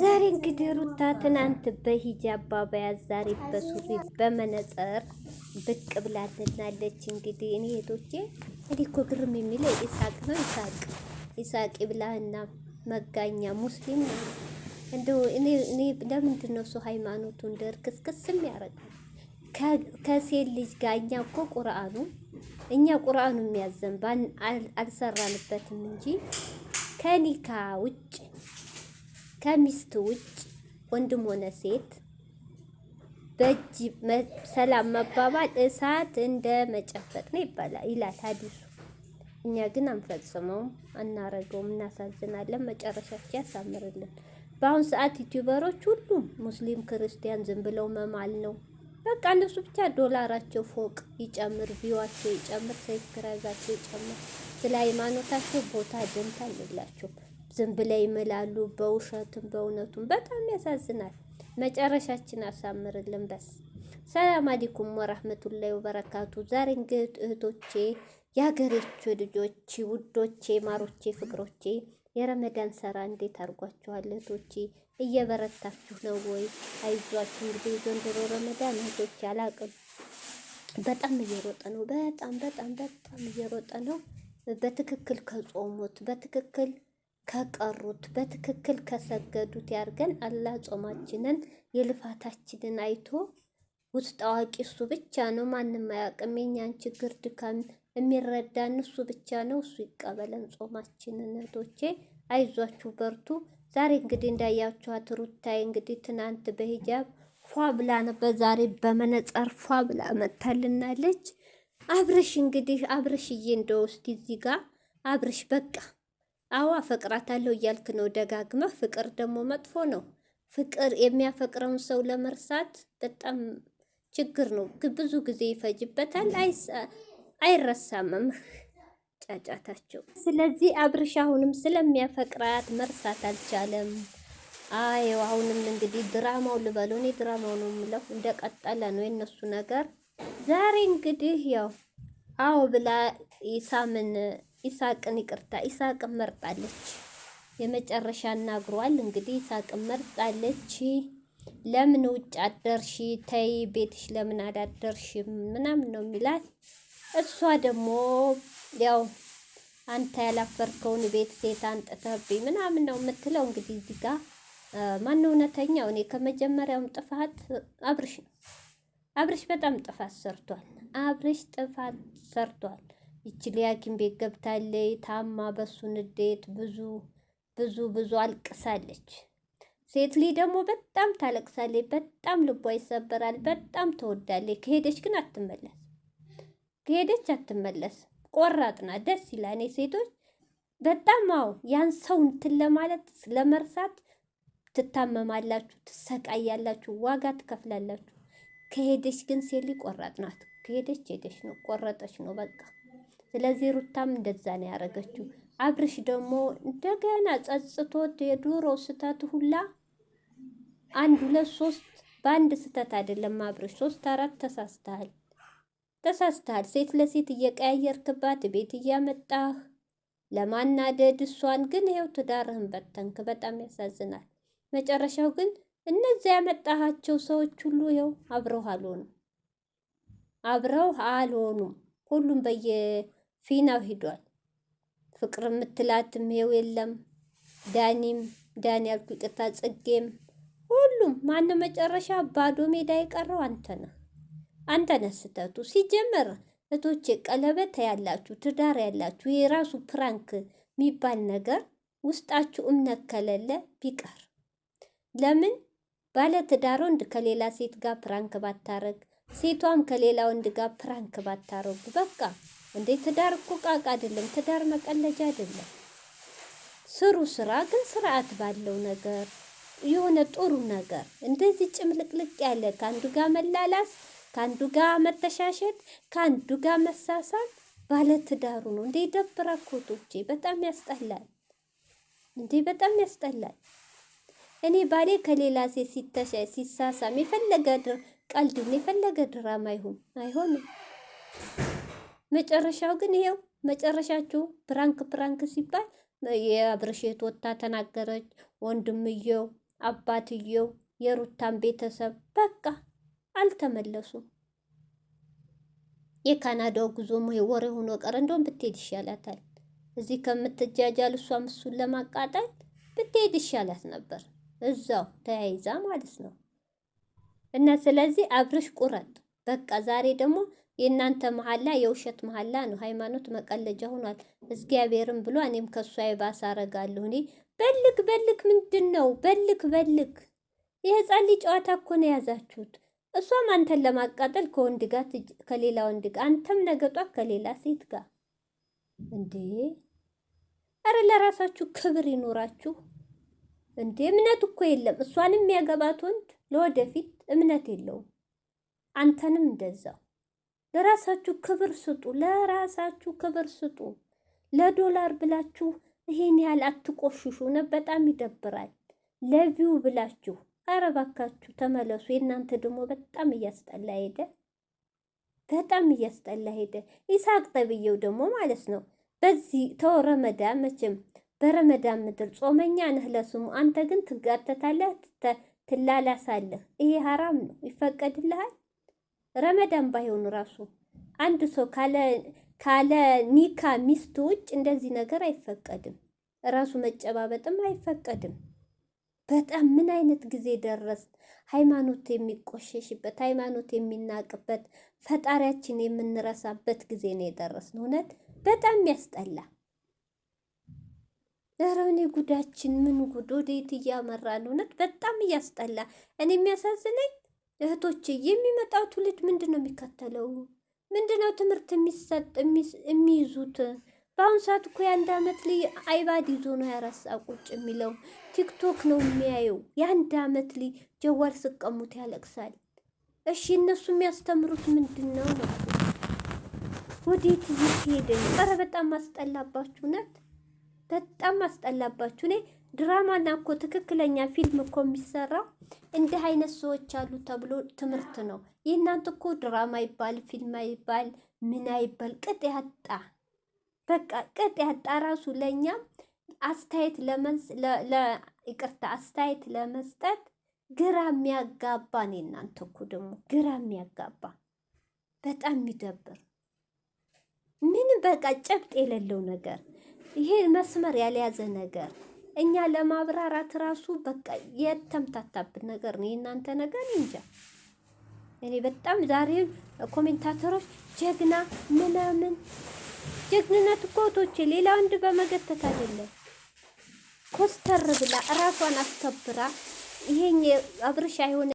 ዛሬ እንግዲህ ሩታ ትናንት በሂጃብ አባያ ዛሬ በሱሪ በመነጽር ብቅ ብላልናለች። እንግዲህ እኔ እህቶቼ እንዲህ እኮ ግርም የሚለው ኢሳቅ ነው። ኢሳቅ ኢሳቅ ብላህና መጋኛ ሙስሊም ነው። እንደው እኔ እኔ ለምንድን ነው እሱ ሃይማኖቱ እንደ እርክስክስ የሚያረገው? ከሴት ልጅ ጋር እኛ እኮ ቁርአኑ እኛ ቁርአኑ የሚያዘን ባን አልሰራንበትም እንጂ ከኒካ ውጭ ከሚስት ውጭ ወንድም ሆነ ሴት በእጅ ሰላም መባባል እሳት እንደ መጨፈጥ ነው ይባላል ይላል ሀዲሱ እኛ ግን አንፈጽመውም፣ አናረገውም፣ እናሳዝናለን። መጨረሻችን ያሳምርልን። በአሁኑ ሰዓት ዩቲዩበሮች ሁሉም ሙስሊም ክርስቲያን ዝም ብለው መማል ነው በቃ። እነሱ ብቻ ዶላራቸው ፎቅ ይጨምር፣ ቪዋቸው ይጨምር፣ ሰብስክራይባቸው ይጨምር። ስለ ሃይማኖታቸው ቦታ ደንታ አለላቸው። ዝም ብለው ይምላሉ፣ በውሸቱም በእውነቱም በጣም ያሳዝናል። መጨረሻችን አሳምርልን። በስ ሰላም አለይኩም ወራህመቱላሂ ወበረካቱ። ዛሬ እንግዲህ እህቶቼ፣ የሀገሬቹ ልጆቼ፣ ውዶቼ፣ ማሮቼ፣ ፍቅሮቼ የረመዳን ሰራ እንዴት አድርጓችኋል? እህቶቼ እየበረታችሁ ነው ወይ? አይዟችሁ። እንግዲህ ዘንድሮ ረመዳን እህቶቼ አላቅም፣ በጣም እየሮጠ ነው። በጣም በጣም በጣም እየሮጠ ነው። በትክክል ከጾሙት በትክክል ከቀሩት በትክክል ከሰገዱት ያርገን። አላህ ጾማችንን የልፋታችንን አይቶ ውስጥ አዋቂ እሱ ብቻ ነው፣ ማንም አያውቅም። የኛን ችግር ድካም የሚረዳን እሱ ብቻ ነው። እሱ ይቀበለን ጾማችንን። እህቶቼ አይዟችሁ፣ በርቱ። ዛሬ እንግዲህ እንዳያችኋት ሩታይ እንግዲህ ትናንት በሂጃብ ፏ ብላ ነበር፣ ዛሬ በመነጸር ፏ ብላ መታልናለች። አብርሽ እንግዲህ አብረሽዬ እንደው እስቲ እዚህ ጋር አብረሽ በቃ አዎ አፈቅራታለሁ እያልክ ነው ደጋግመህ። ፍቅር ደግሞ መጥፎ ነው። ፍቅር የሚያፈቅረውን ሰው ለመርሳት በጣም ችግር ነው። ብዙ ጊዜ ይፈጅበታል፣ አይረሳምም ጫጫታቸው። ስለዚህ አብርሽ አሁንም ስለሚያፈቅራት መርሳት አልቻለም። አይ አሁንም እንግዲህ ድራማው ልበለው፣ እኔ ድራማው ነው የምለው፣ እንደቀጠለ ነው የነሱ ነገር። ዛሬ እንግዲህ ያው አዎ ብላ ሳምን ኢሳቅን ይቅርታ ኢሳቅን መርጣለች። የመጨረሻ እናግሯል እንግዲህ ኢሳቅን መርጣለች። ለምን ውጭ አደርሽ ተይ ቤትሽ ለምን አዳደርሽ ምናምን ነው የሚላት። እሷ ደግሞ ያው አንተ ያላፈርከውን ቤት ሴት አንጥተህብኝ ምናምን ነው የምትለው። እንግዲህ እዚህ ጋር ማን እውነተኛው? እኔ ከመጀመሪያውም ጥፋት አብርሽ ነው። አብርሽ በጣም ጥፋት ሰርቷል። አብርሽ ጥፋት ሰርቷል። ይቺ ሊያኪም ቤት ገብታለች ታማ በሱ ንዴት ብዙ ብዙ ብዙ አልቅሳለች። ሴት ልጅ ደግሞ በጣም ታለቅሳለች፣ በጣም ልቧ ይሰበራል፣ በጣም ተወዳለች። ከሄደች ግን አትመለስ፣ ከሄደች አትመለስ። ቆራጥና ደስ ይላል። እኔ ሴቶች በጣም አዎ፣ ያን ሰው እንትን ለማለት ለመርሳት ትታመማላችሁ፣ ትሰቃያላችሁ፣ ዋጋ ትከፍላላችሁ። ከሄደች ግን ሴት ልጅ ቆራጥ ከሄደች ሄደች ነው፣ ቆረጠች ነው በቃ ስለዚህ ሩታም እንደዛ ነው ያደረገችው። አብርሽ ደግሞ እንደገና ጸጽቶት የዱሮ ስህተት ሁላ አንድ ሁለት ሶስት በአንድ ስህተት አይደለም አብርሽ ሶስት አራት ተሳስተሃል ተሳስተሃል። ሴት ለሴት እየቀያየርክባት ቤት እያመጣህ ለማናደድ እሷን ግን ይኸው ትዳርህን በተንክ። በጣም ያሳዝናል። መጨረሻው ግን እነዚያ ያመጣሃቸው ሰዎች ሁሉ ይኸው አብረው አልሆኑም፣ አብረው አልሆኑም። ሁሉም በየ ፊናው ሂዷል። ፍቅር የምትላትም ይኸው የለም። ዳኒም ዳኒ ያልኩ ይቅርታ፣ ጽጌም ሁሉም ማነው መጨረሻ ባዶ ሜዳ የቀረው አንተ ነህ። አንተ ነህ ስተቱ ሲጀመር እቶቼ ቀለበት ያላችሁ ትዳር ያላችሁ የራሱ ፕራንክ የሚባል ነገር ውስጣችሁ እምነት ከሌለ ቢቀር ለምን ባለ ትዳር ወንድ ከሌላ ሴት ጋር ፕራንክ ባታረግ፣ ሴቷም ከሌላ ወንድ ጋር ፕራንክ ባታረጉ በቃ እንዴ ትዳር እኮ ቃቃ አይደለም። ትዳር መቀለጃ አይደለም። ስሩ ስራ ግን ስርዓት ባለው ነገር የሆነ ጥሩ ነገር እንደዚህ ጭምልቅልቅ ያለ ከአንዱ ጋር መላላስ፣ ከአንዱ ጋር መተሻሸት፣ ከአንዱ ጋር መሳሳት ባለ ትዳሩ ነው እንዴ ደብራ ኮቶቼ በጣም ያስጠላል። እንዴ በጣም ያስጠላል። እኔ ባሌ ከሌላ ሴት ሲተሻ ሲሳሳም የፈለገ ቀልድ የፈለገ ድራማ ይሁን አይሆንም መጨረሻው ግን ይሄው መጨረሻችሁ ፕራንክ ፕራንክ ሲባል የአብርሽት ወታ ተናገረች። ወንድምየው፣ አባትየው፣ የሩታን ቤተሰብ በቃ አልተመለሱም። የካናዳው ጉዞ ወሬ ሆኖ ቀረ። እንደውም ብትሄድ ይሻላታል። እዚህ ከምትጃጃል እሷም እሱን ለማቃጠል ብትሄድ ይሻላት ነበር፣ እዛው ተያይዛ ማለት ነው። እና ስለዚህ አብርሽ ቁረጥ በቃ ዛሬ ደግሞ የእናንተ መሐላ የውሸት መሐላ ነው። ሃይማኖት መቀለጃ ሆኗል። እግዚአብሔርም ብሎ እኔም ከሱ አይባስ አረጋለሁ። እኔ በልክ በልክ ምንድን ነው በልክ በልክ የህፃን ልጅ ጨዋታ እኮ ነው የያዛችሁት። እሷም አንተን ለማቃጠል ከወንድ ጋር ከሌላ ወንድ ጋር አንተም ነገጧ ከሌላ ሴት ጋር እንዴ! አረ ለራሳችሁ ክብር ይኖራችሁ እንዴ! እምነት እኮ የለም። እሷንም የሚያገባት ወንድ ለወደፊት እምነት የለውም። አንተንም እንደዛው ለራሳችሁ ክብር ስጡ። ለራሳችሁ ክብር ስጡ። ለዶላር ብላችሁ ይሄን ያህል አትቆሽሹ። ነው በጣም ይደብራል። ለቪው ብላችሁ አረባካችሁ ተመለሱ። የእናንተ ደግሞ በጣም እያስጠላ ሄደ። በጣም እያስጠላ ሄደ። ይሳቅ ጠብዬው ደግሞ ማለት ነው በዚህ ተው ረመዳ መቼም በረመዳን ምድር ጾመኛ ነህ ለስሙ። አንተ ግን ትጋተታለህ፣ ትላላሳለህ። ይሄ ሀራም ነው። ይፈቀድልሃል? ረመዳን ባይሆኑ ራሱ አንድ ሰው ካለ ካለ ኒካ ሚስት ውጭ እንደዚህ ነገር አይፈቀድም። ራሱ መጨባበጥም አይፈቀድም። በጣም ምን አይነት ጊዜ ደረስ? ሃይማኖት የሚቆሸሽበት፣ ሃይማኖት የሚናቅበት፣ ፈጣሪያችን የምንረሳበት ጊዜ ነው የደረስን። እውነት በጣም ያስጠላ። ኧረ እኔ ጉዳችን ምን ጉድ! ወዴት እያመራን? እውነት በጣም እያስጠላ። እኔ የሚያሳዝነኝ እህቶቼ የሚመጣው ትውልድ ምንድን ነው የሚከተለው? ምንድን ነው ትምህርት የሚሰጥ የሚይዙት? በአሁኑ ሰዓት እኮ የአንድ አመት ልጅ አይባድ ይዞ ነው ያረሳ ቁጭ የሚለው ቲክቶክ ነው የሚያየው። የአንድ አመት ልጅ ጀዋል ስቀሙት ያለቅሳል። እሺ እነሱ የሚያስተምሩት ምንድን ነው ነው? ወዴት እየሄደ ነው? ኧረ በጣም አስጠላባችሁ ነት በጣም አስጠላባችሁ እኔ ድራማና እኮ ትክክለኛ ፊልም እኮ የሚሰራው እንዲህ አይነት ሰዎች አሉ ተብሎ ትምህርት ነው። የእናንተ እኮ ድራማ ይባል ፊልም ይባል ምን አይባል ቅጥ ያጣ በቃ ቅጥ ያጣ ራሱ ለእኛ አስተያየት ይቅርታ አስተያየት ለመስጠት ግራ የሚያጋባ ነው። የእናንተ እኮ ደግሞ ግራ የሚያጋባ በጣም የሚደብር ምን በቃ ጨብጥ የሌለው ነገር ይሄ መስመር ያልያዘ ነገር እኛ ለማብራራት ራሱ በቃ የተምታታብን ነገር ነው የእናንተ ነገር እንጃ። እኔ በጣም ዛሬ ኮሜንታተሮች ጀግና ምናምን ጀግንነት ኮቶች ሌላ ወንድ በመገተት አይደለም። ኮስተር ብላ እራሷን አስከብራ ይሄን አብርሽ አይሆን